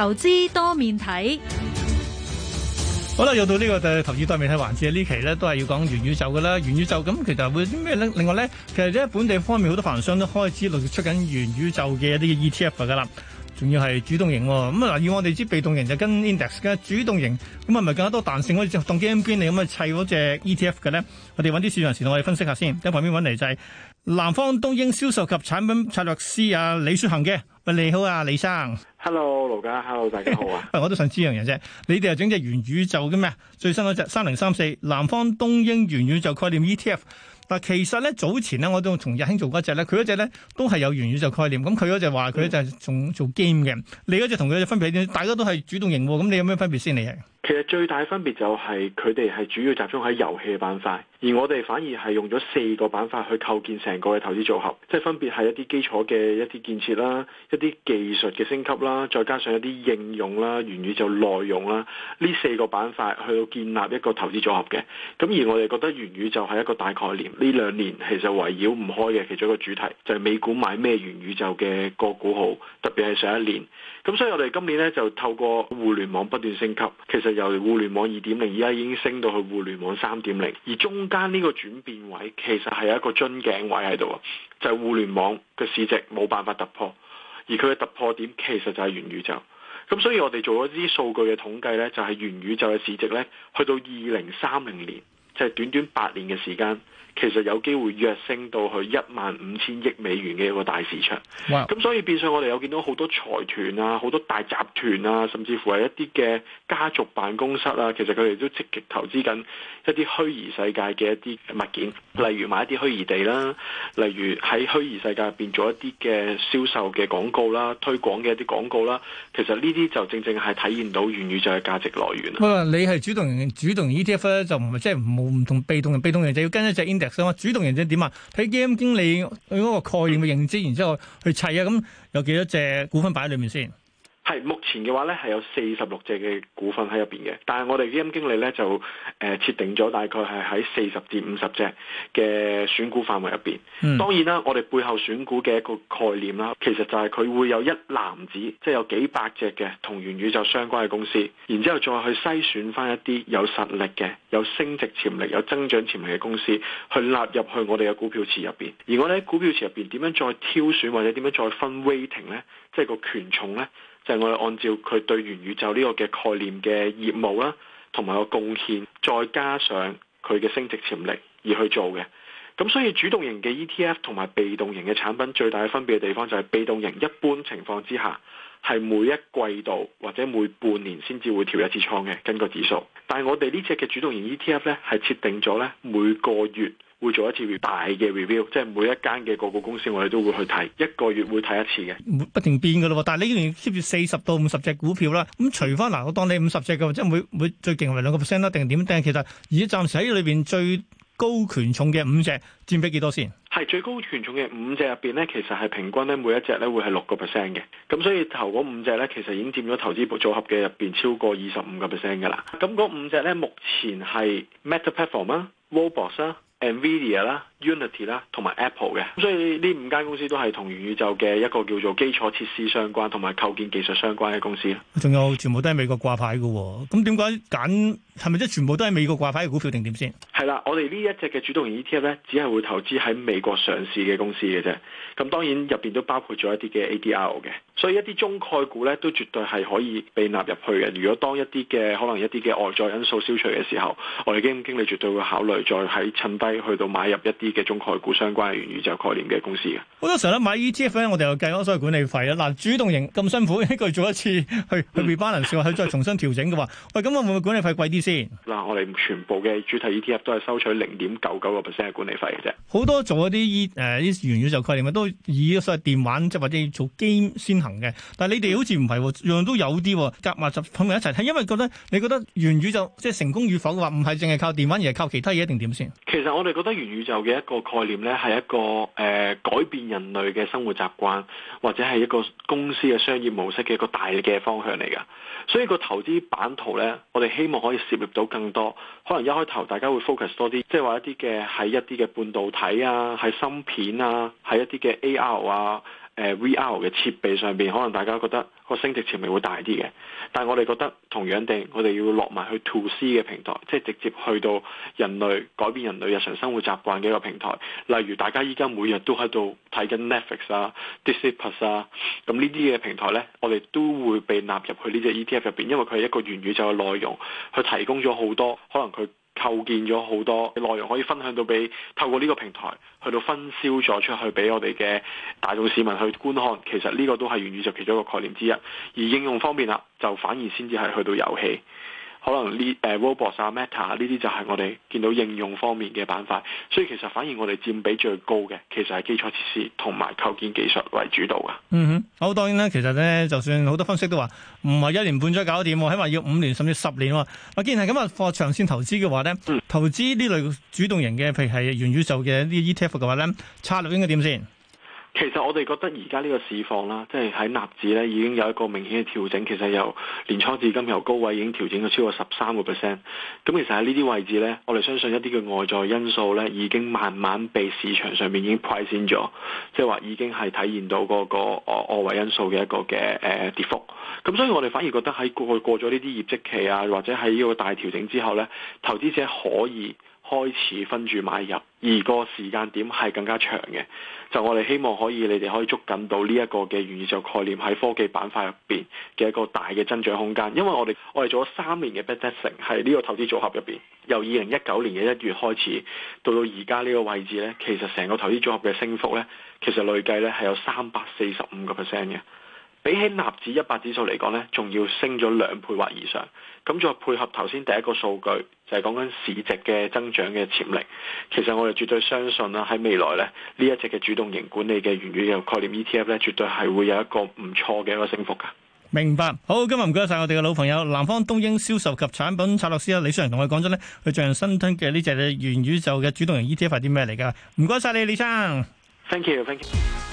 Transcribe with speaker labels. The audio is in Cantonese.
Speaker 1: 投資多面體，好啦，又到呢個誒投資多面體環節。呢期咧都係要講元宇宙噶啦。元宇宙咁其實會啲咩咧？另外咧，其實咧本地方面好多發行商都開始陸續出緊元宇宙嘅一啲 ETF 噶啦，仲、哦、要係主動型。咁啊嗱，以我哋知被動型就跟 index 嘅，主動型咁啊，咪更加多彈性可以就當基金經理咁啊砌嗰隻 ETF 嘅咧。我哋揾啲市場人士同我哋分析下先，喺旁邊揾嚟就係、是。南方東英銷售及產品策略師阿李雪恒嘅，喂你好啊，李生。
Speaker 2: Hello，盧家，Hello，大
Speaker 1: 家好啊。 我都想知樣嘢啫，你哋又整隻元宇宙嘅咩啊？最新嗰隻三零三四南方東英元宇宙概念 E T F 嗱，ETF，但其實咧早前咧我都同日興做嗰隻咧，佢嗰隻咧都係有元宇宙概念。咁佢嗰隻話佢就係仲做 game 嘅，嗯，你嗰隻同佢嗰隻分別係點？大家都係主動型喎，咁你有咩分別先？你
Speaker 2: 其實最大分別就係佢哋係主要集中喺遊戲嘅板塊，而我哋反而係用咗四個板塊去構建成個嘅投資組合，即係分別係一啲基礎嘅一啲建設啦，一啲技術嘅升級啦，再加上一啲應用啦，元宇宙內容啦，呢四個板塊去到建立一個投資組合嘅。咁而我哋覺得元宇宙係一個大概念，呢兩年其實圍繞唔開嘅其中一個主題就係、是、美股買咩元宇宙嘅個股好，特別係上一年。咁所以我哋今年呢就透過互聯網不斷升級，其實。由互聯網二點零，而家已經升到去互聯網三點零，而中間呢個轉變位，其實係有一個樽頸位喺度，啊。就係互聯網嘅市值冇辦法突破，而佢嘅突破點其實就係元宇宙。咁所以我哋做咗啲數據嘅統計呢，就係元宇宙嘅市值呢，去到二零三零年，即係短短八年嘅時間。其實有機會躍升到去一萬五千億美元嘅一個大市場。咁 Wow. 所以變相我哋有見到好多財團啊、好多大集團啊，甚至乎係一啲嘅家族辦公室啊，其實佢哋都積極投資緊一啲虛擬世界嘅一啲物件，例如買一啲虛擬地啦，例如喺虛擬世界入邊做一啲嘅銷售嘅廣告啦、推廣嘅一啲廣告啦。其實呢啲就正正係體現到元宇宙嘅價值來源。
Speaker 1: Wow, 你係主動型主動 ETF 咧，就唔係即係冇唔同被動嘅被動型就要跟一隻主動認證點啊？睇基金經理對個概念嘅認知，然之後去砌啊，咁有幾多隻股份擺喺裏面先？
Speaker 2: 係目前嘅話咧，係有四十六隻嘅股份喺入邊嘅，但係我哋基金經理咧就誒、呃、設定咗大概係喺四十至五十隻嘅選股範圍入邊。嗯、當然啦，我哋背後選股嘅一個概念啦，其實就係佢會有一籃子，即、就、係、是、有幾百隻嘅同元宇宙相關嘅公司，然之後再去篩選翻一啲有實力嘅、有升值潛力、有增長潛力嘅公司，去納入去我哋嘅股票池入邊。而我哋喺股票池入邊點樣再挑選或者點樣再分 weighting 咧，即、就、係、是、個權重咧？就係我哋按照佢對元宇宙呢個嘅概念嘅業務啦，同埋個貢獻，再加上佢嘅升值潛力而去做嘅。咁所以主動型嘅 ETF 同埋被動型嘅產品最大嘅分別嘅地方就係被動型一般情況之下係每一季度或者每半年先至會調一次倉嘅根據指數，但係我哋呢隻嘅主動型 ETF 咧係設定咗咧每個月。會做一次大嘅 review，即係每一間嘅個股公司，我哋都會去睇，一個月會睇一次嘅，
Speaker 1: 不停變噶咯。但係你仍然 keep 住四十到五十隻股票啦。咁除翻嗱，我當你五十隻嘅，即係每每最勁為兩個 percent 啦，定係點？但係其實而家暫時喺裏邊最高權重嘅五隻佔比幾多先？
Speaker 2: 係最高權重嘅五隻入邊咧，其實係平均咧，每一隻咧會係六個 percent 嘅。咁所以頭嗰五隻咧，其實已經佔咗投資組合嘅入邊超過二十五個 percent 噶啦。咁嗰五隻咧，目前係 Meta Platform 啊，Robots 啊。Nvidia 啦、Unity 啦，同埋 Apple 嘅，所以呢五間公司都係同元宇宙嘅一個叫做基礎設施相關，同埋構建技術相關嘅公司。
Speaker 1: 仲有全部都係美國掛牌嘅。哦，咁點解揀？係咪即係全部都係美國掛牌嘅股票定點先？
Speaker 2: 係啦，我哋呢一隻嘅主動型 ETF 咧，只係會投資喺美國上市嘅公司嘅啫。咁當然入邊都包括咗一啲嘅 ADR 嘅。所以一啲中概股咧都絕對係可以被納入去嘅。如果當一啲嘅可能一啲嘅外在因素消除嘅時候，我哋基金經理絕對會考慮再喺趁低去到買入一啲嘅中概股相關嘅元宇宙概念嘅公司嘅。
Speaker 1: 好多時候咧買 ETF 咧，我哋又計咗所謂管理費啊。嗱，主動型咁辛苦一個月做一次去去 rebalance 去再重新調整嘅話， 喂，咁我會唔會管理費貴啲先？
Speaker 2: 嗱、啊、我哋全部嘅主題 ETF 都係收取零點九九個 percent 嘅管理費嘅啫。
Speaker 1: 好多做一啲依誒啲元宇宙概念都以所謂電玩即或者做 game 先行。嘅，但係你哋好似唔係，樣樣都有啲夾埋就捧埋一齊，睇。因為覺得你覺得元宇宙即係成功與否嘅話，唔係淨係靠電話，而係靠其他嘢，定點先？
Speaker 2: 其實我哋覺得元宇宙嘅一個概念咧，係一個誒、呃、改變人類嘅生活習慣，或者係一個公司嘅商業模式嘅一個大嘅方向嚟噶。所以個投資版圖咧，我哋希望可以涉獵到更多。可能一開頭大家會 focus 多啲，即係話一啲嘅係一啲嘅半導體啊，係芯片啊，係一啲嘅 AR 啊。Uh, VR 嘅設備上邊，可能大家覺得個升值潛力會大啲嘅，但係我哋覺得同樣地，我哋要落埋去 to C 嘅平台，即係直接去到人類改變人類日常生活習慣嘅一個平台。例如大家依家每日都喺度睇緊 Netflix 啊、Disney Plus 啊，咁呢啲嘅平台咧，我哋都會被納入去呢隻 ETF 入邊，因為佢係一個元宇宙嘅內容，佢提供咗好多可能佢。構建咗好多內容可以分享到俾，透過呢個平台去到分銷咗出去俾我哋嘅大眾市民去觀看，其實呢個都係元宇宙其中一個概念之一。而應用方面啦，就反而先至係去到遊戲。可能呢誒 robot 啊、meta 啊呢啲就係我哋見到應用方面嘅板塊，所以其實反而我哋佔比最高嘅，其實係基礎設施同埋構建技術為主導嘅。嗯
Speaker 1: 哼，好、哦、當然啦，其實咧，就算好多分析都話唔係一年半載搞掂，起碼要五年甚至十年喎。既然係咁啊，放長線投資嘅話咧，嗯、投資呢類主動型嘅，譬如係元宇宙嘅一啲 ETF 嘅話咧，策略應該點先？
Speaker 2: 其實我哋覺得而家呢個市況啦，即係喺納指咧已經有一個明顯嘅調整，其實由年初至今由高位已經調整到超過十三個 percent。咁其實喺呢啲位置呢，我哋相信一啲嘅外在因素呢已經慢慢被市場上面已經 pricing 咗，即係話已經係體現到、嗰個、嗰個外圍、嗰個、因素嘅一個嘅誒跌幅。咁所以我哋反而覺得喺過去過咗呢啲業績期啊，或者喺呢個大調整之後呢，投資者可以，開始分住買入，而個時間點係更加長嘅。就我哋希望可以，你哋可以捉緊到呢一個嘅元宇宙概念喺科技板塊入邊嘅一個大嘅增長空間。因為我哋我哋做咗三年嘅 backtesting 喺呢個投資組合入邊，由二零一九年嘅一月開始到到而家呢個位置呢，其實成個投資組合嘅升幅呢，其實累計呢係有三百四十五個 percent 嘅。比起納指一百指數嚟講呢，仲要升咗兩倍或以上。咁再配合頭先第一個數據，就係講緊市值嘅增長嘅潛力。其實我哋絕對相信啦，喺未來呢，呢一隻嘅主動型管理嘅元宇宙概念 ETF 呢，絕對係會有一個唔錯嘅一個升幅噶。
Speaker 1: 明白。好，今日唔該晒我哋嘅老朋友南方東英銷售及產品策略師啊，李雪恒同我講咗呢，佢最近新推嘅呢隻元宇宙嘅主動型 ETF 係啲咩嚟噶？唔該晒你，李生。
Speaker 2: Thank you, thank you.